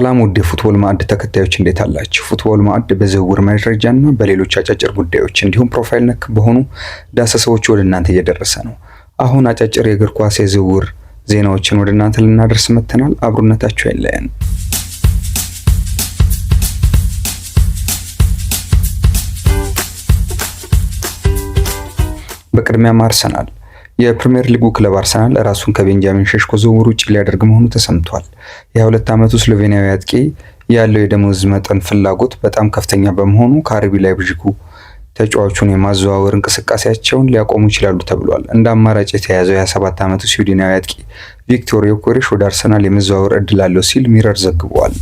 ሰላም ውድ የፉትቦል ማዕድ ተከታዮች እንዴት አላችሁ? ፉትቦል ማዕድ በዝውውር መረጃ እና በሌሎች አጫጭር ጉዳዮች እንዲሁም ፕሮፋይል ነክ በሆኑ ዳሰሳዎች ወደ እናንተ እየደረሰ ነው። አሁን አጫጭር የእግር ኳስ የዝውውር ዜናዎችን ወደ እናንተ ልናደርስ መጥተናል። አብሮነታችሁ አይለየን። በቅድሚያ አርሰናል የፕሪምየር ሊጉ ክለብ አርሰናል ራሱን ከቤንጃሚን ሸሽኮ ዝውውር ውጭ ሊያደርግ መሆኑ ተሰምቷል የሁለት ዓመቱ ስሎቬኒያዊ አጥቂ ያለው የደሞዝ መጠን ፍላጎት በጣም ከፍተኛ በመሆኑ ከአርቢ ላይፕዚጉ ተጫዋቹን የማዘዋወር እንቅስቃሴያቸውን ሊያቆሙ ይችላሉ ተብሏል። እንደ አማራጭ የተያዘው የ27 ዓመቱ ስዊድናዊ አጥቂ ቪክቶር ዮኬሬሽ ወደ አርሰናል የመዘዋወር እድል አለው ሲል ሚረር ዘግቧል።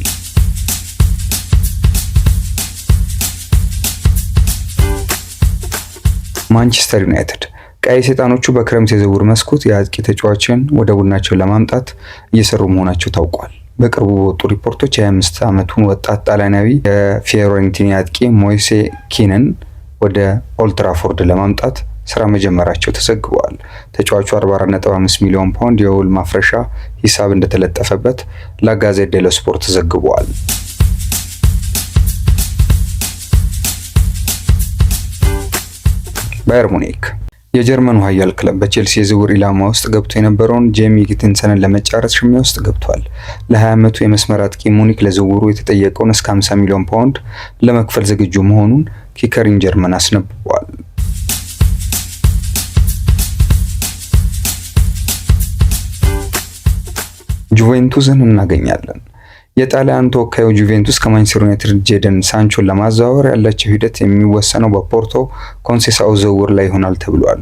ማንቸስተር ዩናይትድ ቀይ ሰይጣኖቹ በክረምት የዝውውር መስኮት የአጥቂ ተጫዋችን ወደ ቡድናቸው ለማምጣት እየሰሩ መሆናቸው ታውቋል። በቅርቡ በወጡ ሪፖርቶች የ25 ዓመቱን ወጣት ጣሊያናዊ የፊዮሬንቲና አጥቂ ሞይሴ ኪንን ወደ ኦልትራፎርድ ለማምጣት ስራ መጀመራቸው ተዘግበዋል። ተጫዋቹ 44.5 ሚሊዮን ፓውንድ የውል ማፍረሻ ሂሳብ እንደተለጠፈበት ላጋዜ ዴሎ ስፖርት ዘግበዋል። ባየር ሙኒክ የጀርመኑ ኃያል ክለብ በቼልሲ የዝውውር ኢላማ ውስጥ ገብቶ የነበረውን ጄሚ ጊትንሰንን ለመጫረስ ሽሚያ ውስጥ ገብቷል። ለ20 ዓመቱ የመስመር አጥቂ ሙኒክ ለዝውውሩ የተጠየቀውን እስከ 50 ሚሊዮን ፓውንድ ለመክፈል ዝግጁ መሆኑን ኪከሪን ጀርመን አስነብቧል። ጁቬንቱስን እናገኛለን። የጣሊያን ተወካዩ ጁቬንቱስ ከማንቸስተር ዩናይትድ ጄደን ሳንቾን ለማዘዋወር ያላቸው ሂደት የሚወሰነው በፖርቶ ኮንሴሳው ዝውውር ላይ ይሆናል ተብሏል።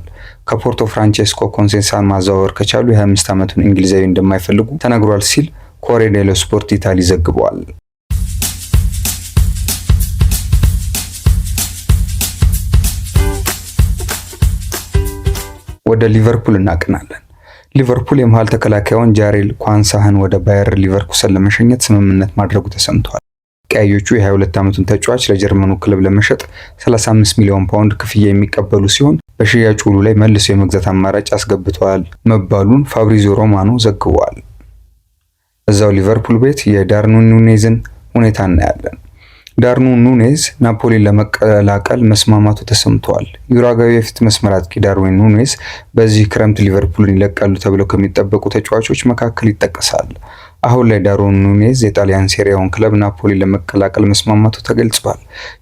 ከፖርቶ ፍራንቼስኮ ኮንሴሳን ማዘዋወር ከቻሉ የ25 ዓመቱን እንግሊዛዊ እንደማይፈልጉ ተነግሯል ሲል ኮሬ ዴሎ ስፖርት ኢታሊ ዘግቧል። ወደ ሊቨርፑል እናቅናለን። ሊቨርፑል የመሃል ተከላካዩን ጃሬል ኳንሳህን ወደ ባየር ሊቨርኩሰን ለመሸኘት ስምምነት ማድረጉ ተሰምቷል። ቀያዮቹ የ22 ዓመቱን ተጫዋች ለጀርመኑ ክለብ ለመሸጥ 35 ሚሊዮን ፓውንድ ክፍያ የሚቀበሉ ሲሆን በሽያጭ ውሉ ላይ መልሶ የመግዛት አማራጭ አስገብተዋል መባሉን ፋብሪዚዮ ሮማኖ ዘግቧል። እዛው ሊቨርፑል ቤት የዳርዊን ኑኔዝን ሁኔታ እናያለን። ዳርኑ ኑኔዝ ናፖሊን ለመቀላቀል መስማማቱ ተሰምተዋል። ዩራጋዊ የፊት መስመር አጥቂ ዳርዊን ኑኔዝ በዚህ ክረምት ሊቨርፑልን ይለቃሉ ተብለው ከሚጠበቁ ተጫዋቾች መካከል ይጠቀሳል። አሁን ላይ ዳርዊን ኑኔዝ የጣሊያን ሴሪያውን ክለብ ናፖሊ ለመቀላቀል መስማማቱ ተገልጿል።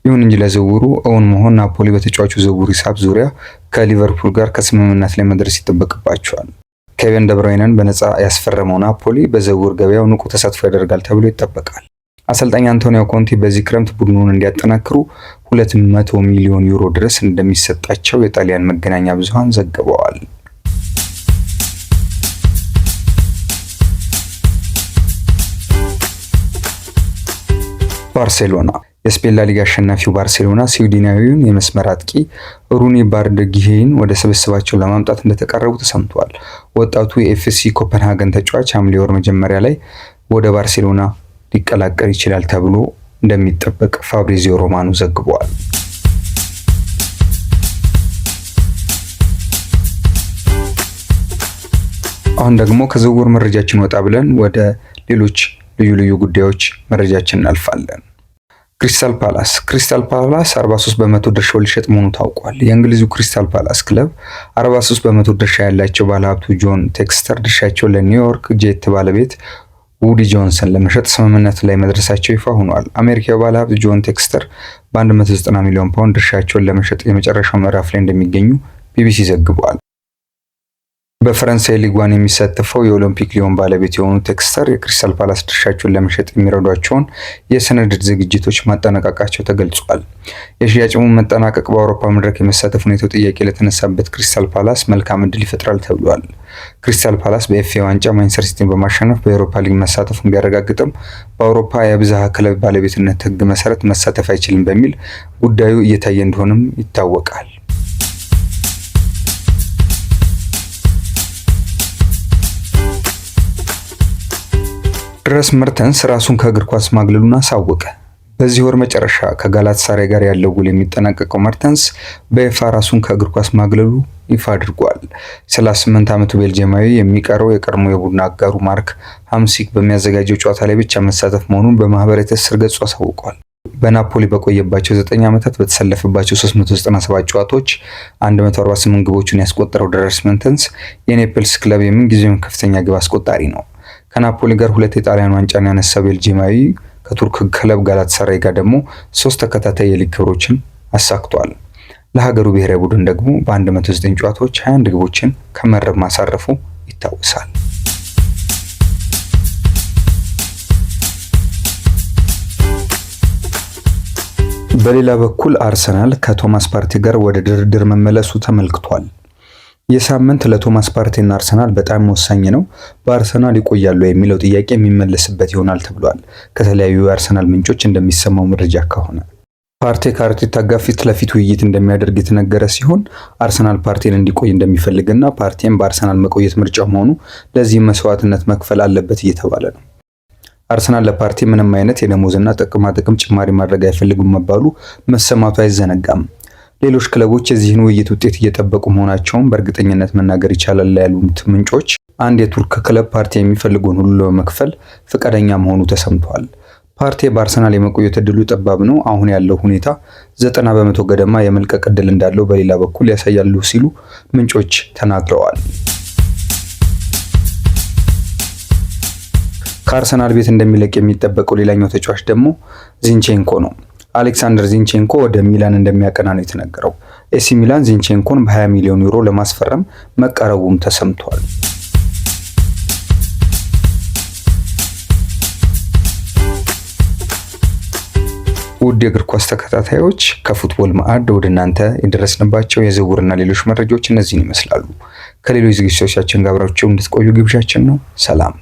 ይሁን እንጂ ለዝውውሩ እውን መሆን ናፖሊ በተጫዋቹ ዝውውር ሂሳብ ዙሪያ ከሊቨርፑል ጋር ከስምምነት ላይ መድረስ ይጠበቅባቸዋል። ኬቨን ደብሮይነን በነፃ ያስፈረመው ናፖሊ በዝውውር ገበያው ንቁ ተሳትፎ ያደርጋል ተብሎ ይጠበቃል። አሰልጣኝ አንቶኒዮ ኮንቴ በዚህ ክረምት ቡድኑን እንዲያጠናክሩ 200 ሚሊዮን ዩሮ ድረስ እንደሚሰጣቸው የጣሊያን መገናኛ ብዙሃን ዘግበዋል። ባርሴሎና የስፔን ላሊጋ አሸናፊው ባርሴሎና ስዊድናዊውን የመስመር አጥቂ ሩኒ ጊሄን ወደ ስብስባቸው ለማምጣት እንደተቃረቡ ተሰምቷል። ወጣቱ የኤፍሲ ኮፐንሃገን ተጫዋች ሐምሌ ወር መጀመሪያ ላይ ወደ ባርሴሎና ሊቀላቀል ይችላል ተብሎ እንደሚጠበቅ ፋብሪዚዮ ሮማኑ ዘግቧል። አሁን ደግሞ ከዝውውር መረጃችን ወጣ ብለን ወደ ሌሎች ልዩ ልዩ ጉዳዮች መረጃችን እናልፋለን። ክሪስታል ፓላስ ክሪስታል ፓላስ 43 በመቶ ድርሻው ሊሸጥ መሆኑ ታውቋል። የእንግሊዙ ክሪስታል ፓላስ ክለብ 43 በመቶ ድርሻ ያላቸው ባለሀብቱ ጆን ቴክስተር ድርሻቸው ለኒውዮርክ ጄት ባለቤት ውዲ ጆንሰን ለመሸጥ ስምምነት ላይ መድረሳቸው ይፋ ሆኗል። አሜሪካዊ ባለሀብት ጆን ቴክስተር በ190 ሚሊዮን ፓውንድ ድርሻቸውን ለመሸጥ የመጨረሻው ምዕራፍ ላይ እንደሚገኙ ቢቢሲ ዘግቧል። በፈረንሳይ ሊጓን የሚሳተፈው የኦሎምፒክ ሊዮን ባለቤት የሆኑ ኤክስተር የክሪስታል ፓላስ ድርሻቸውን ለመሸጥ የሚረዷቸውን የሰነድ ዝግጅቶች ማጠናቀቃቸው ተገልጿል። የሽያጭሙ መጠናቀቅ በአውሮፓ መድረክ የመሳተፍ ሁኔታው ጥያቄ ለተነሳበት ክሪስታል ፓላስ መልካም እድል ይፈጥራል ተብሏል። ክሪስታል ፓላስ በኤፍ ዋንጫ ማንቸስተር ሲቲን በማሸነፍ በኤሮፓ ሊግ መሳተፉን ቢያረጋግጥም በአውሮፓ የብዝሃ ክለብ ባለቤትነት ሕግ መሰረት መሳተፍ አይችልም በሚል ጉዳዩ እየታየ እንደሆነም ይታወቃል። ድረስ መርተንስ ራሱን ከእግር ኳስ ማግለሉን አሳወቀ። በዚህ ወር መጨረሻ ከጋላታሳራይ ጋር ያለው ውል የሚጠናቀቀው መርተንስ በይፋ ራሱን ከእግር ኳስ ማግለሉ ይፋ አድርጓል። 38 ዓመቱ ቤልጅየማዊ የሚቀረው የቀድሞ የቡድን አጋሩ ማርክ ሀምሲክ በሚያዘጋጀው ጨዋታ ላይ ብቻ መሳተፍ መሆኑን በማህበራዊ ትስስር ገጹ አሳውቋል። በናፖሊ በቆየባቸው 9 ዓመታት በተሰለፈባቸው 397 ጨዋታዎች 148 ግቦቹን ያስቆጠረው ደረስ መርተንስ የኔፕልስ ክለብ የምንጊዜውን ከፍተኛ ግብ አስቆጣሪ ነው። ከናፖሊ ጋር ሁለት የጣሊያን ዋንጫን ያነሳ ቤልጂማዊ ከቱርክ ክለብ ጋላታሳራይ ጋር ደግሞ ሶስት ተከታታይ የሊግ ክብሮችን አሳክቷል። ለሀገሩ ብሔራዊ ቡድን ደግሞ በ109 ጨዋታዎች 21 ግቦችን ከመረብ ማሳረፉ ይታወሳል። በሌላ በኩል አርሰናል ከቶማስ ፓርቲ ጋር ወደ ድርድር መመለሱ ተመልክቷል። የሳምንት ለቶማስ ፓርቴና አርሰናል በጣም ወሳኝ ነው። በአርሰናል ይቆያሉ የሚለው ጥያቄ የሚመለስበት ይሆናል ተብሏል። ከተለያዩ የአርሰናል ምንጮች እንደሚሰማው መረጃ ከሆነ ፓርቴ ከአርቴታ ጋር ፊት ለፊት ውይይት እንደሚያደርግ የተነገረ ሲሆን አርሰናል ፓርቴን እንዲቆይ እንደሚፈልግና ፓርቴም በአርሰናል መቆየት ምርጫው መሆኑ ለዚህ መስዋዕትነት መክፈል አለበት እየተባለ ነው። አርሰናል ለፓርቴ ምንም አይነት የደሞዝና ጥቅማ ጥቅም ጭማሪ ማድረግ አይፈልጉም መባሉ መሰማቱ አይዘነጋም። ሌሎች ክለቦች የዚህን ውይይት ውጤት እየጠበቁ መሆናቸውን በእርግጠኝነት መናገር ይቻላል ያሉት ምንጮች አንድ የቱርክ ክለብ ፓርቲ የሚፈልገውን ሁሉ ለመክፈል ፈቃደኛ መሆኑ ተሰምቷል። ፓርቲ በአርሰናል የመቆየት እድሉ ጠባብ ነው። አሁን ያለው ሁኔታ ዘጠና በመቶ ገደማ የመልቀቅ እድል እንዳለው በሌላ በኩል ያሳያሉ ሲሉ ምንጮች ተናግረዋል። ከአርሰናል ቤት እንደሚለቅ የሚጠበቀው ሌላኛው ተጫዋች ደግሞ ዚንቼንኮ ነው። አሌክሳንደር ዚንቼንኮ ወደ ሚላን እንደሚያቀና ነው የተነገረው። ኤሲ ሚላን ዚንቼንኮን በ20 ሚሊዮን ዩሮ ለማስፈረም መቀረቡም ተሰምቷል። ውድ የእግር ኳስ ተከታታዮች ከፉትቦል ማዕድ ወደ እናንተ የደረስንባቸው የዝውውርና ሌሎች መረጃዎች እነዚህን ይመስላሉ። ከሌሎች ዝግጅቶቻችን ጋር አብራችሁ እንድትቆዩ ግብዣችን ነው። ሰላም